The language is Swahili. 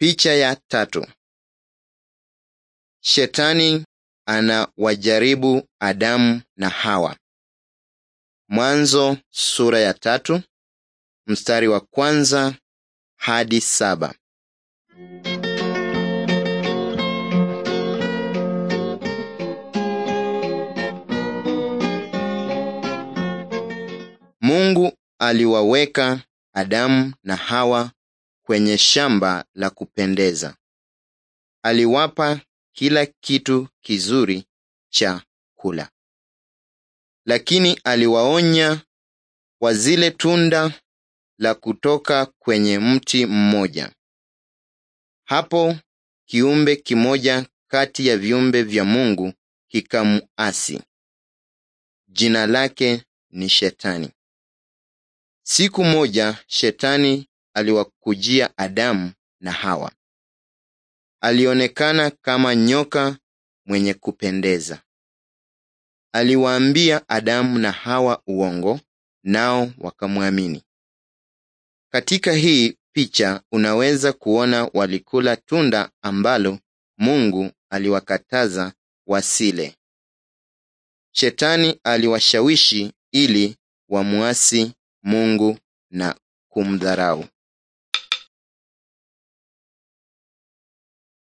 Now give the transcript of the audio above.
Picha ya tatu. Shetani anawajaribu Adamu na Hawa. Mwanzo sura ya tatu, mstari wa kwanza hadi saba. Mungu aliwaweka Adamu na Hawa kwenye shamba la kupendeza. Aliwapa kila kitu kizuri cha kula, lakini aliwaonya wa zile tunda la kutoka kwenye mti mmoja. Hapo kiumbe kimoja kati ya viumbe vya Mungu kikamuasi. Jina lake ni Shetani. Siku moja Shetani aliwakujia Adamu na Hawa. Alionekana kama nyoka mwenye kupendeza. Aliwaambia Adamu na Hawa uongo, nao wakamwamini. Katika hii picha unaweza kuona walikula tunda ambalo Mungu aliwakataza wasile. Shetani aliwashawishi ili wamuasi Mungu na kumdharau.